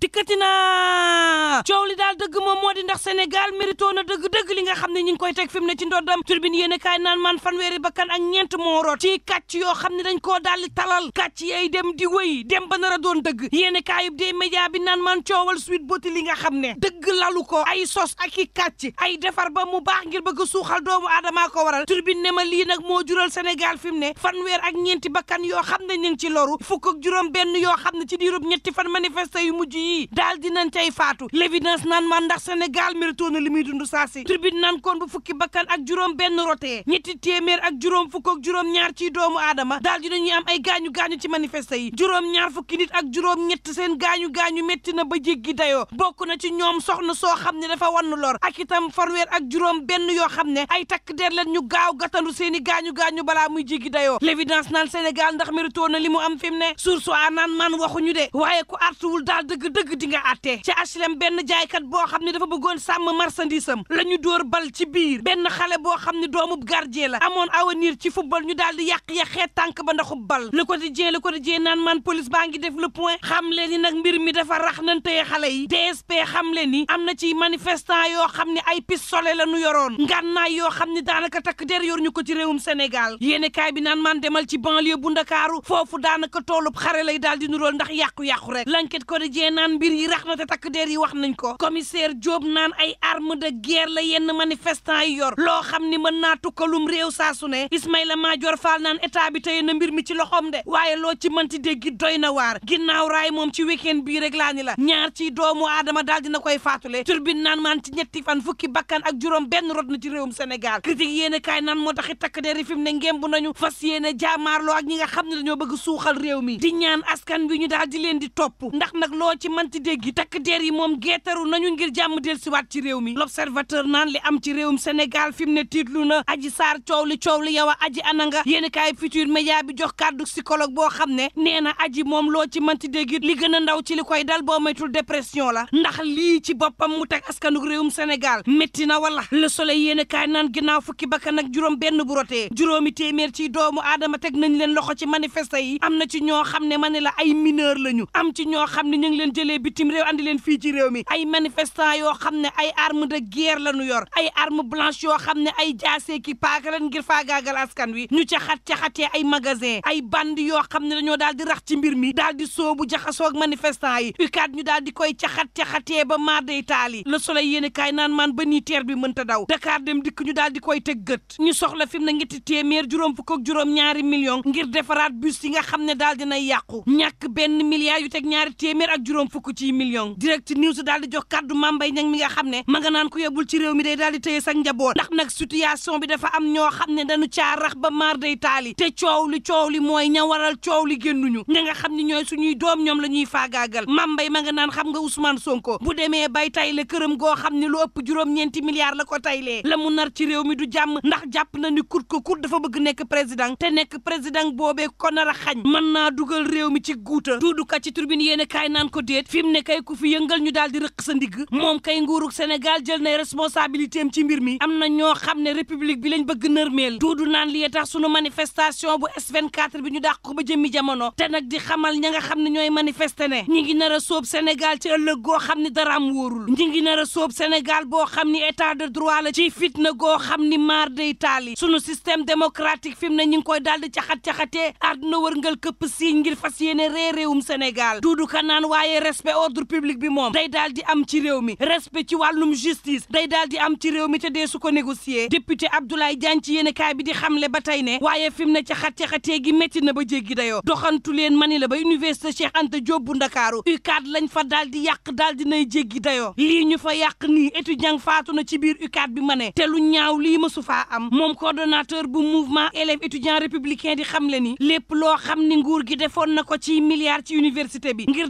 dikkati naa coow li daal dëgg moom moo di ndax Sénégal mérito na dëgg-dëgg li nga xam ne ñi ngi koy teg fi mu ne ci ndoddam turbine yéen a kaay naan man fanweeri bakkan ak ñeent moo root ci kàcc yoo xam ne dañ koo daldi talal kàcc yay dem di wëy dem ba nar doon dëgg yéen a dee média bi naan man coowal suite boti li nga xam ne dëgg lalu ko ay sos ak i kàcc ay defar ba mu baax ngir bëgg suuxal doomu aadamaa ko waral turbine ne ma lii nag moo jural Sénégal fi mu ne fanweer ak ñeenti bakkan yoo xam ne ñu ci loru fukk ak juróom benn yoo xam ne ci diirub ñetti fan manifesté yu mujj yi daal dinañ cay faatu l'évidence naan man ndax Sénégal mérito na li muy dund saa si nan kon bu fukki bakkan ak juróom benn rote ñetti téeméer ak juróom fukk ak juróom ñaar ciy doomu aadama daal dinañuy am ay gaañu gaañu ci manifeste yi juróom ñaar fukki nit ak juróom ñett seen gaañu gaañu metti na ba jéggi dayoo bokk na ci ñoom soxna soo xam ne dafa wann lor ak itam fanweer ak juróom benn yoo xam ne ay takk der leen ñu gaaw gatandu seen i gaañu gaañu balaa muy jéggi dayoo l'évidence naan Sénégal ndax mérito na li mu am fi mu ne source a naan man waxuñu de waaye ku dëgg di nga àttee ci HLM benn jaaykat boo xam ne dafa bëggoon sàmm marchandise am la ñu dóor bal ci biir benn xale boo xam ne doomub gardien la amoon awa avenir ci football ñu daal di yàq-yàqee tànk ba ndaxub bal le quotidien le quotidien naan man police baa ngi def le point xam leen ni nag mbir mi dafa rax nanteye xale yi DSP xam leen ni am na ci manifestant yoo xam ne ay pistolet la ñu yoroon ngànnaay yoo xam ne daanaka takk der yor ñu ko ci réewum Sénégal yéene kaay bi naan man demal ci banlieue bu Ndakaaru foofu daanaka toolub xare lay daal di nurool ndax yàqu-yàqu naan mbir yi rax na te takk der yi wax nañ ko commissaire Diop naan ay arme de guerre la yenn manifestant yi yor loo xam ni mën naa tukkalum réew saa su ne Ismaïla Madior Fall naan état bi tey na mbir mi ci loxoom de waaye loo ci mënti dégg doy na waar ginnaaw raay moom ci week-end bii rek laa ni la ñaar ci doomu aadama daal dina koy faatule turbine naan maan ci ñetti fan fukki bakkan ak juróom benn rot na ci réew senegal critique yéen kaay naan moo taxi takk der yi fi mu ne ngemb nañu fas yéene jaamaarloo ak ñi nga xam ne dañoo bëgg suuxal réew mi di ñaan askan bi ñu daal di leen di topp loo ci mënti déggi takk der yi moom geetaru nañu ngir jàmm del siwaat ci réew mi l'observateur naan li am ci réewum Sénégal fi mu ne tiitlu na aji saar coow li coow li yow a aji ananga yéeni kaay futur média bi jox kàddu psychologue boo xam ne nee na aji moom loo ci mënti dégg li gën a ndaw ci li koy dal boo maytul dépression la ndax lii ci boppam mu teg askanug réewum Sénégal métti na wala le soleil yéen kaay naan ginnaaw fukki bakkan nag juróom benn bu juróomi téeméer ci doomu aadama teg nañ leen loxo ci manifeste yi am na ci ñoo xam ne ma ne la ay mineur lañu am ci ñoo xam ne ñu ngi jël jëlee bitim réew leen fii ci réew mi ay manifestant yoo xam ne ay arme de guerre la ñu yor ay arme blanche yoo xam ne ay jaasee ki paaka lan ngir faagaagal askan wi ñu caxat caxatee ay magasin ay band yoo xam ne dañoo daal di rax ci mbir mi daal di soobu jaxasoo ak manifestant yi UCAD ñu daal di koy caxat caxatee ba maar day taali la Soleil yéen kaay naan maan ba nii teer bi mënta daw Dakar dem dikk ñu daal di koy tëggat ñu soxla fi mu ne ñetti téeméer juróom fukk ak juróom ñaari million ngir defaraat bus yi nga xam ne daal dinay yàqu ñàkk benn milliard yu teg ñaari ak juróom fukk ci million direct news daal di jox kàddu mambay ñang mi nga xam ne ma nga naan ku yebul ci réew mi day daal di tëye njaboot ndax nag situation bi dafa am ñoo xam ne dañu caa rax ba maar day taali te coow li coow li mooy ña waral coow li génnuñu ña nga xam ne ñooy ñuy doom ñoom la ñuy faagaagal mambay ma nga naan xam nga Ousmane Sonko bu demee bay tay la këram goo xam ne lu ëpp juróom-ñeenti milliards la ko taylee la mu nar ci réew mi du ja ndax jàpp na ni kut ko kut dafa bëgg nekk président te nekk président ko nar a xañ mën naa mi ci guuta duudukat ci a déet fi mu ne kay ku fi yëngal ñu daal di rëq sa ndigg moom kay nguurug Sénégal jël nay responsabilité am ci mbir mi am na ñoo xam ne république bi lañ bëgg nërmeel tuudu naan li tax sunu manifestation bu S24 bi ñu dàq ko ba jëmmi jamono te nag di xamal ña nga xam ne ñooy manifester ne ñi ngi nar a sóob ci ëllëg goo xam ne daraam wóorul ñi ngi nar a sóob Sénégal boo xam ni état de droit la ci fitna goo xam ni maar day taali sunu système démocratique fi mu ne ñi ngi koy daal di caxat caxatee àdduna wërngal këpp si ngir fas yéene réeréewum Sénégal respect ordre public bi moom day daal di am ci réew mi respect ci wàllum justice day daal di am ci réew mi te dee su ko négocier député Abdoulaye Diagne ci yéene kaay bi di xamle ba tey ne waaye fi ne ca xat xatee gi métti na ba jéggi dayoo doxantu leen mani la ba université Cheikh Anta Diop bu Ndakaaru UCAD lañ fa daal di yàq daal di nay jéggi dayoo lii ñu fa yàq nii étudiant faatu na ci biir UCAD bi ma ne te lu ñaaw lii ma su faa am moom coordonnateur bu mouvement élèves étudiants républicains di xamle ni lépp loo xam ni nguur gi defoon na ko ci milliards ci université bi ngir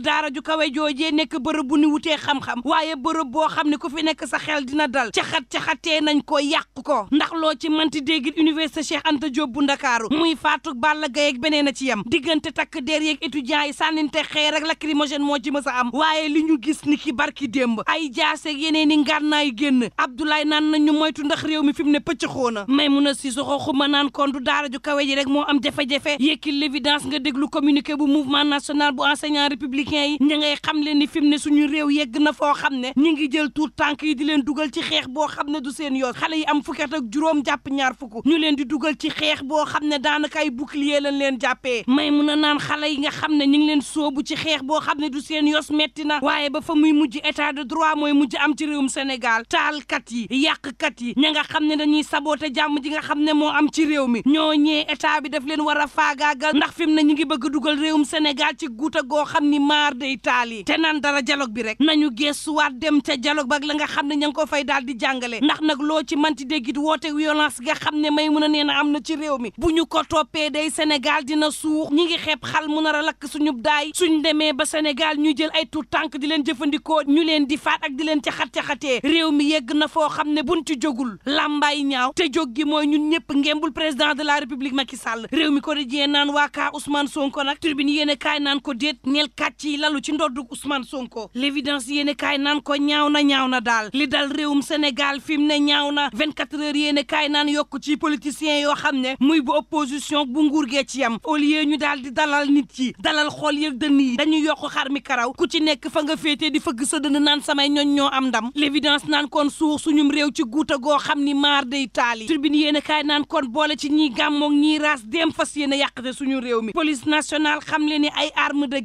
daara joojee nekk bërëb bu ni wutee xam-xam waaye bërëb boo xam ne ko fi nekk sa xel dina dal caxat-caxatee nañ ko yàq ko ndax loo ci manti déggit université Cheikh Anta Diop bu Ndakaaru muy faatug Balla Gaye ak beneen a ci yem diggante takk der yeeg étudiants yi sànninte xeer ak lacrymogène moo ci mës a am waaye li ñu gis ni ki barki démb ay jaaseeg yeneen i ngànnaay génn Abdoulaye na nañu moytu ndax réew mi fi mu ne pëcc xoona may mun a si soxo xuma naan kon du daara ju kawe ji rek moo am jafe-jafe yëkkil l'évidence nga déglu communiqué bu mouvement national bu enseignant yi xam leen ni fi mu ne suñu réew yegg na foo xam ne ñu ngi jël tuut tànk yi di leen dugal ci xeex boo xam ne du seen yoon xale yi am fukki ak juróom jàpp ñaar fukk ñu leen di dugal ci xeex boo xam ne daanaka ay bouclier lañ leen jàppee may mu a naan xale yi nga xam ne ñu ngi leen soobu ci xeex boo xam ne du seen yos metti na waaye ba fa muy mujj état de droit mooy mujj am ci réew réewum Sénégal taalkat yi yàqkat yi ña nga xam ne dañuy saboté jàmm ji nga xam ne moo am ci réew mi ñoo ñee état bi daf leen war a faagaagal ndax fi mu ñu ngi bëgg dugal réewum Sénégal ci guuta goo xam ni maar day national yi te naan dara dialogue bi rek nañu geesuwaat dem ca dialogue bak la nga xam ne ña ngi ko fay daal di jàngale ndax nag loo ci manti déggit woote violence nga xam ne may mun a nee na am na ci réew mi bu ñu ko toppee day Sénégal dina suux ñi ngi xep xal mu nar a lakk suñu daay suñ demee ba senegal ñu jël ay tout tànk di leen jëfandikoo ñu leen di faat ak di leen caxat-caxatee réew mi yegg na foo xam ne buñ ci jógul làmbaay ñaaw te jóg gi mooy ñun ñëpp ngembul président de la république Macky Sall réew mi ko di jee naan waa kaa Ousmane Sonko naan ko déet ñel kàcc ci ndodd kàddug Ousmane Sonko l'évidence yéen kaay naan ko ñaaw na daal li dal réewum Sénégal fi mu ne ñaaw na 24 heures yéen kaay naan yokk ci politiciens yoo xam ne muy bu opposition bu nguur gee ci yam au lieu ñu daal di dalal nit yi dalal xool yëg dënn yi dañu yokk xar mi karaw ku ci nekk fa nga féetee di fëgg sa dënn naan samay ñoñ ñoo am ndam l'évidence naan kon suux suñum réew ci guuta goo xam ni maar day taali tribune yéen kaay naan kon boole ci ñi gàmmoog ñi ras dem fas mi police nationale xam le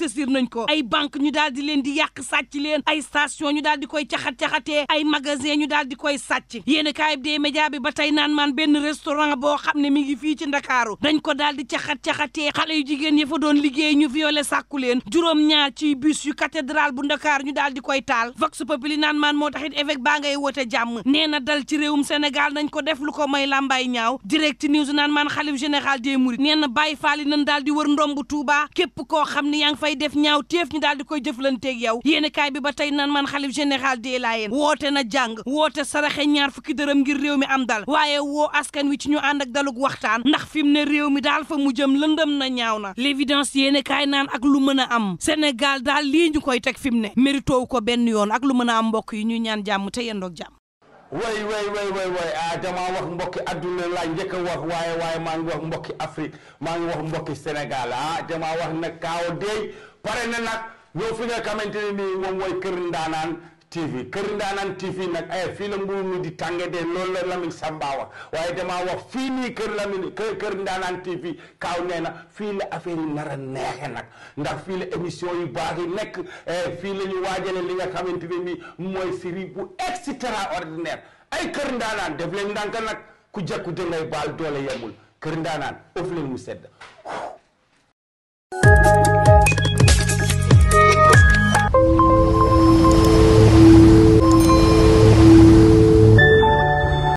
saisir nañ ko ñu daal di leen di yàq sàcc leen ay ñu daal di koy caxat-caxatee ay magasin ñu daal di koy sàcc yéeni kaay bi dee média bi ba tey naan maan benn restaurant boo xam ne mi ngi fii ci ndakaaru dañ ko daal di caxat-caxatee xale yu jigéen ya fa doon liggéey ñu violé sàkku leen juróom-ñaar ci bus yu cathédrale bu ndakaar ñu daal di koy taal vox populi naan maan moo taxit évêque baa ngay woote jàmm nee na dal ci réewum Sénégal ko def lu ko may làmbaay ñaaw direct news naan maan xalif général des mourides nee na bàyyi faali nañ daal di wër ndombu Touba képp koo xam ne yaa ngi fay def ñaaw téef ñu daal di koy jëflanteeg yow yéenekaay bi ba tey nan man xalif général des woote na jàng woote saraxe ñaar fukki dërëm ngir réew mi am dal waaye woo askan wi ci ñu ànd ak dalug waxtaan ndax fi mu ne réew mi daal fa mu jëm lëndëm na ñaaw na l'évidence yéenekaay naan ak lu mën a am Sénégal daal lii ñu koy teg fi mu ne méritoowu ko benn yoon ak lu mën a am mbokk yi ñu ñaan jàmm te yendoog jàmm way way way way a ah dama wax mbokki adduna laa njëkk a wax waaye waaye maa ngi wax mbokki Afrique maa ngi wax mbokki Sénégal ah dama wax nag kaaw deey pare na nag ñëw fi nga xamante ne nii moom mooy kër ndaanaan TV Kër Ndaanaan TV nag fii la mburu mi di tànge de loolu la Lamine Samba wax waaye damaa wax fii nii Kër Lamine Kër Kër Ndaanaan TV kaaw nee na fii la affaire yi nar a neexe nag ndax fii la émission yu baax yi nekk eh, fii la ñu waajale li nga xamante ne nii mooy série bu extraordinaire ay Kër Ndaanaan def leen ndànk nag ku jekku da ngay baal doole yemul Kër Ndaanaan of leen mu sedd